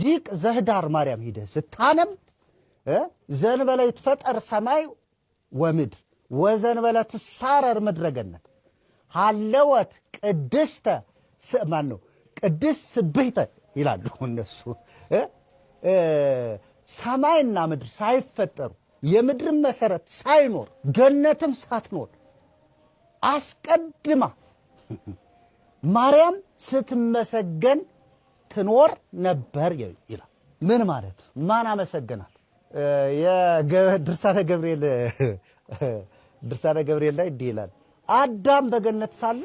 ዚቅ ዘህዳር ማርያም ሂደ ስታነም ዘንበለ ይትፈጠር ሰማይ ወምድር ወዘንበለ ትሳረር ምድረ ገነት ሃለወት ቅድስተ ማን ነው ቅድስት ስብሕተ ይላሉ እነሱ። ሰማይና ምድር ሳይፈጠሩ የምድርም መሰረት ሳይኖር ገነትም ሳትኖር አስቀድማ ማርያም ስትመሰገን ትኖር ነበር ይላል። ምን ማለት ማን አመሰገናት? ድርሳነ ገብርኤል ድርሳነ ገብርኤል ላይ እንዲህ ይላል፣ አዳም በገነት ሳለ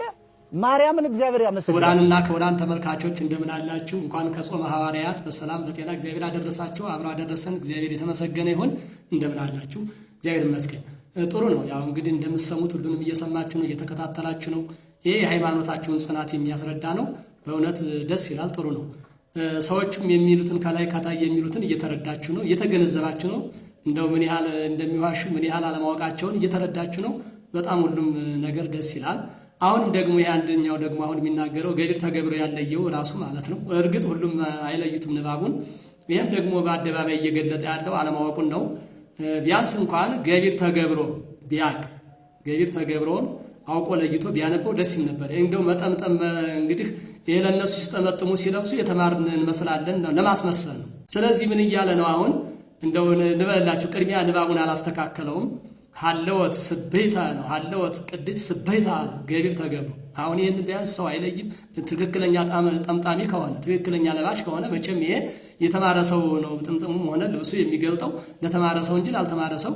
ማርያምን እግዚአብሔር ያመስግናል። ክቡራንና ክቡራን ተመልካቾች እንደምን አላችሁ? እንኳን ከጾመ ሐዋርያት በሰላም በጤና እግዚአብሔር አደረሳችሁ። አብሮ አደረሰን። እግዚአብሔር የተመሰገነ ይሁን። እንደምን አላችሁ? እግዚአብሔር ይመስገን። ጥሩ ነው። ያው እንግዲህ እንደምትሰሙት ሁሉንም እየሰማችሁ ነው፣ እየተከታተላችሁ ነው። ይህ የሃይማኖታችሁን ጽናት የሚያስረዳ ነው። በእውነት ደስ ይላል። ጥሩ ነው። ሰዎቹም የሚሉትን ከላይ ከታይ የሚሉትን እየተረዳችሁ ነው፣ እየተገነዘባችሁ ነው። እንደው ምን ያህል እንደሚዋሹ ምን ያህል አለማወቃቸውን እየተረዳችሁ ነው። በጣም ሁሉም ነገር ደስ ይላል። አሁንም ደግሞ ይህ አንደኛው ደግሞ አሁን የሚናገረው ገቢር ተገብሮ ያለየው ራሱ ማለት ነው። እርግጥ ሁሉም አይለዩትም ንባቡን። ይህም ደግሞ በአደባባይ እየገለጠ ያለው አለማወቁን ነው። ቢያንስ እንኳን ገቢር ተገብሮ ቢያቅ ገቢር ተገብሮን አውቆ ለይቶ ቢያነበው ደስ ይል ነበር። እንደው መጠምጠም እንግዲህ ይሄ ለእነሱ ሲጠመጥሙ ሲለብሱ የተማርን እንመስላለን ለማስመሰል ነው። ስለዚህ ምን እያለ ነው አሁን? እንደው ልበላችሁ ቅድሚያ ንባቡን አላስተካከለውም። ሀለወት ስቤታ ነው። ሀለወት ቅድስት ስቤታ ነው። ገቢር ተገብሮ አሁን ይህን ቢያንስ ሰው አይለይም። ትክክለኛ ጠምጣሚ ከሆነ ትክክለኛ ለባሽ ከሆነ መቼም ይሄ የተማረ ሰው ነው። ጥምጥሙም ሆነ ልብሱ የሚገልጠው ለተማረ ሰው እንጂ ላልተማረ ሰው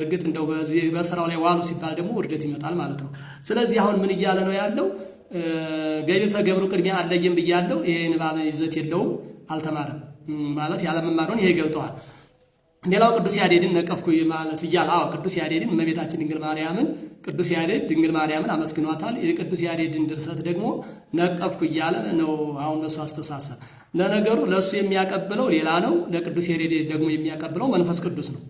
እርግጥ እንደው በዚህ በስራው ላይ ዋሉ ሲባል ደግሞ ውርደት ይመጣል ማለት ነው። ስለዚህ አሁን ምን እያለ ነው ያለው? ገቢር ተገብሮ ቅድሚያ አለየም ብያለው። ይሄ ንባብ ይዘት የለውም፣ አልተማረም ማለት ያለመማሩን ይሄ ይገልጠዋል። ሌላው ቅዱስ ያሬድን ነቀፍኩ ማለት እያለ አዎ ቅዱስ ያሬድን እመቤታችን ድንግል ማርያምን ቅዱስ ያሬድ ድንግል ማርያምን አመስግኗታል። የቅዱስ ያሬድን ድርሰት ደግሞ ነቀፍኩ እያለ ነው። አሁን በሱ አስተሳሰብ ለነገሩ ለእሱ የሚያቀብለው ሌላ ነው። ለቅዱስ ያሬድ ደግሞ የሚያቀብለው መንፈስ ቅዱስ ነው።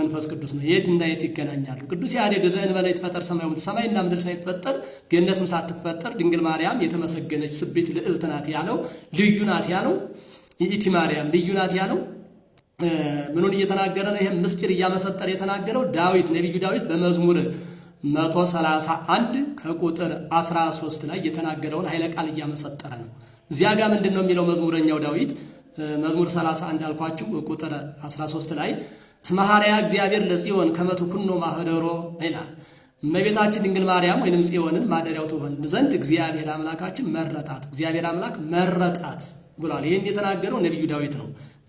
መንፈስ ቅዱስ ነው። የት እና የት ይገናኛሉ? ቅዱስ ያሬድ ዘእንበለ ይትፈጠር ሰማይ ሰማይና ምድር ሳይትፈጠር ገነትም ሳትፈጠር ድንግል ማርያም የተመሰገነች ስቤት ልዕልት ናት ያለው ልዩ ናት ያለው ይእቲ ማርያም ልዩ ናት ያለው ምኑን እየተናገረ ነው? ይህም ምስጢር እያመሰጠረ የተናገረው ዳዊት ነቢዩ ዳዊት በመዝሙር 131 ከቁጥር 13 ላይ የተናገረውን ኃይለ ቃል እያመሰጠረ ነው። እዚያ ጋር ምንድን ነው የሚለው መዝሙረኛው ዳዊት? መዝሙር 31 አልኳችሁ ቁጥር 13 ላይ ስማሃሪያ እግዚአብሔር ለጽዮን ኩኖ ማህደሮ ይላል። እመቤታችን ድንግል ማርያም ወይንም ጽዮንን ማደሪያው ትሆን ዘንድ እግዚአብሔር አምላካችን መረጣት፣ እግዚአብሔር አምላክ መረጣት ብሏል። ይህን የተናገረው ነቢዩ ዳዊት ነው።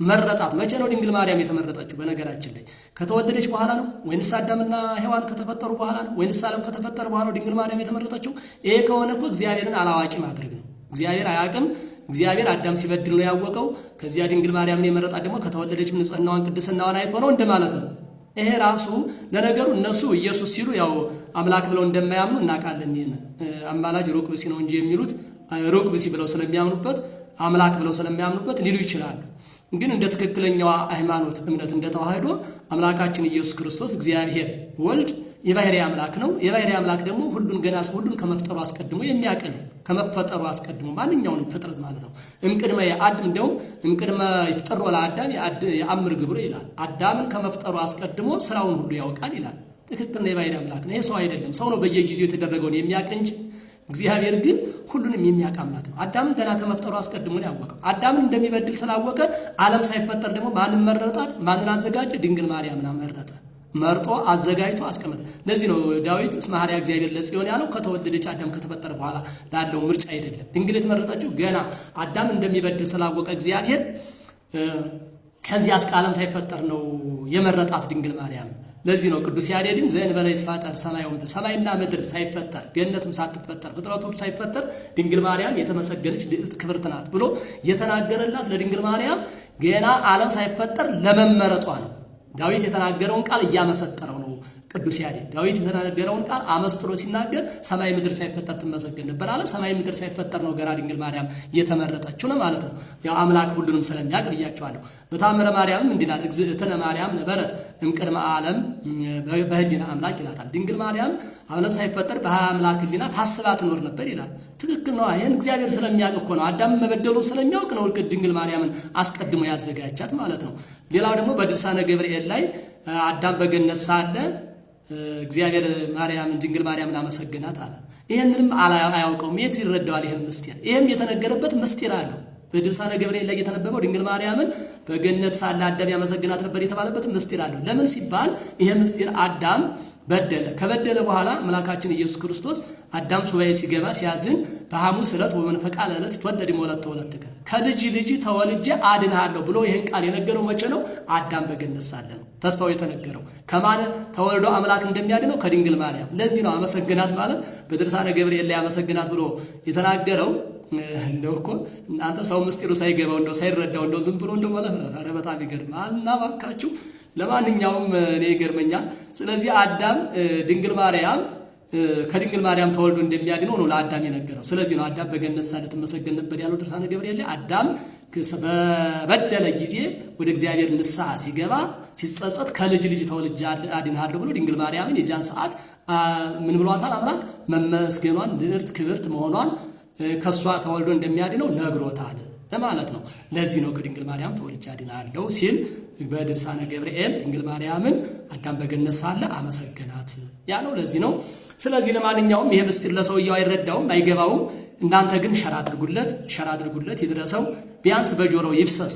መረጣት። መቼ ነው ድንግል ማርያም የተመረጠችው? በነገራችን ላይ ከተወለደች በኋላ ነው ወይንስ አዳምና ሔዋን ከተፈጠሩ በኋላ ነው ወይንስ ዓለም ከተፈጠረ በኋላ ነው ድንግል ማርያም የተመረጠችው? ይሄ ከሆነ እኮ እግዚአብሔርን አላዋቂ ማድረግ ነው። እግዚአብሔር አያውቅም። እግዚአብሔር አዳም ሲበድል ነው ያወቀው። ከዚያ ድንግል ማርያምን የመረጣት ደግሞ ከተወለደች ንጽሕናዋን ቅድስናዋን አይቶ ነው እንደማለት ነው። ይሄ ራሱ ለነገሩ እነሱ ኢየሱስ ሲሉ ያው አምላክ ብለው እንደማያምኑ እናውቃለን። ይህን አማላጅ ሩቅ ብሲ ነው እንጂ የሚሉት ሩቅ ብሲ ብለው ስለሚያምኑበት አምላክ ብለው ስለሚያምኑበት ሊሉ ይችላሉ። ግን እንደ ትክክለኛዋ ሃይማኖት እምነት እንደ ተዋህዶ አምላካችን ኢየሱስ ክርስቶስ እግዚአብሔር ወልድ የባህሪ አምላክ ነው። የባህሪ አምላክ ደግሞ ሁሉን ገና ሁሉን ከመፍጠሩ አስቀድሞ የሚያውቅ ነው። ከመፈጠሩ አስቀድሞ ማንኛውንም ፍጥረት ማለት ነው። እምቅድመ የአድም እንደውም እምቅድመ ይፍጠሮ ለአዳም የአምር ግብሮ ይላል። አዳምን ከመፍጠሩ አስቀድሞ ስራውን ሁሉ ያውቃል ይላል። ትክክል ነው። የባህሪ አምላክ ነው። ይሄ ሰው አይደለም። ሰው ነው በየጊዜው የተደረገውን የሚያውቅ እንጂ እግዚአብሔር ግን ሁሉንም የሚያውቅ አምላክ ነው። አዳምን ገና ከመፍጠሩ አስቀድሞ ነው ያወቀው። አዳምን እንደሚበድል ስላወቀ ዓለም ሳይፈጠር ደግሞ ማንን መረጣት? ማንን አዘጋጀ? ድንግል ማርያምን መረጠ። መርጦ አዘጋጅቶ አስቀመጠ። ለዚህ ነው ዳዊት እስመ እግዚአብሔር ለጽዮን ያለው ከተወለደች አዳም ከተፈጠረ በኋላ ላለው ምርጫ አይደለም። ድንግል የተመረጠችው ገና አዳም እንደሚበድል ስላወቀ እግዚአብሔር ከዚህ ዓለም ሳይፈጠር ነው የመረጣት ድንግል ማርያም ለዚህ ነው ቅዱስ ያሬድም ዘእንበለ ይትፋጠር ሰማይ ወምድር፣ ሰማይና ምድር ሳይፈጠር ገነትም ሳትፈጠር ፍጥረቱም ሳይፈጠር ድንግል ማርያም የተመሰገነች ክብርት ናት ብሎ የተናገረላት ለድንግል ማርያም ገና ዓለም ሳይፈጠር ለመመረጧ ነው። ዳዊት የተናገረውን ቃል እያመሰጠረው ነው። ቅዱስ ያሬድ ዳዊት የተናገረውን ቃል አመስጥሮ ሲናገር ሰማይ ምድር ሳይፈጠር ትመሰገን ነበር አለ። ሰማይ ምድር ሳይፈጠር ነው ገና ድንግል ማርያም የተመረጠችው ነው ማለት ነው። ያው አምላክ ሁሉንም ስለሚያውቅ ብያቸዋለሁ። በታምረ ማርያምም እንዲህ ይላል፣ እግዝእትነ ማርያም ነበረት እምቅድመ ዓለም በህሊና አምላክ ይላታል። ድንግል ማርያም ዓለም ሳይፈጠር በሀያ አምላክ ህሊና ታስባ ትኖር ነበር ይላል። ትክክል ነው። ይህን እግዚአብሔር ስለሚያውቅ እኮ ነው። አዳም መበደሉ ስለሚያውቅ ነው ድንግል ማርያምን አስቀድሞ ያዘጋጃት ማለት ነው። ሌላው ደግሞ በድርሳነ ገብርኤል ላይ አዳም በገነት ሳለ እግዚአብሔር ማርያምን ድንግል ማርያምን አመሰግናት አለ። ይህንንም አያውቀውም። የት ይረዳዋል? ይህም ምስጢር ይህም የተነገረበት ምስጢር አለው። በድርሳነ ገብርኤል ላይ የተነበበው ድንግል ማርያምን በገነት ሳለ አዳም ያመሰግናት ነበር የተባለበትም ምስጢር አለው። ለምን ሲባል ይሄ ምስጢር አዳም በደለ። ከበደለ በኋላ አምላካችን ኢየሱስ ክርስቶስ አዳም ሱባኤ ሲገባ ሲያዝን በሐሙስ ዕለት ወመንፈቃለ ዕለት ትወለድ እምወለተ ወለትከ ከልጅ ልጅ ተወልጄ አድንሃለሁ ብሎ ይህን ቃል የነገረው መቼ ነው? አዳም በገነት ሳለ ነው። ተስፋው የተነገረው ከማን ተወልዶ አምላክ እንደሚያድነው ከድንግል ማርያም። ለዚህ ነው አመሰግናት ማለት በድርሳነ ገብርኤል ላይ አመሰግናት ብሎ የተናገረው እንደው እኮ እናንተ ሰው ምስጢሩ ሳይገባው እንደው ሳይረዳው እንደው ዝም ብሎ እንደው ማለት ነው። ኧረ በጣም ይገርማል። እና እባካችሁ ለማንኛውም እኔ ይገርመኛል። ስለዚህ አዳም ድንግል ማርያም ከድንግል ማርያም ተወልዶ እንደሚያድነው ነው ለአዳም የነገረው። ስለዚህ ነው አዳም በገነት ሳለ ትመሰገን ነበር ያለው ድርሳነ ገብርኤል አዳም በበደለ ጊዜ ወደ እግዚአብሔር ንስሐ ሲገባ ሲጸጸት ከልጅ ልጅ ተወልጄ አድንሃለሁ ብሎ ድንግል ማርያምን የዚያን ሰዓት ምን ብሏታል? አምላክ መመስገኗን፣ ንዕርት ክብርት መሆኗን ከእሷ ተወልዶ እንደሚያድነው ነግሮታል ለማለት ነው። ለዚህ ነው ከድንግል ማርያም ተወልጄ አድናለሁ ሲል በድርሳነ ገብርኤል ድንግል ማርያምን አዳም በገነት ሳለ አመሰገናት ያለው ለዚህ ነው። ስለዚህ ለማንኛውም ይሄ ምስጢር ለሰውየው አይረዳውም፣ አይገባውም። እናንተ ግን ሸራ አድርጉለት፣ ሸራ አድርጉለት ይድረሰው፣ ቢያንስ በጆሮው ይፍሰስ።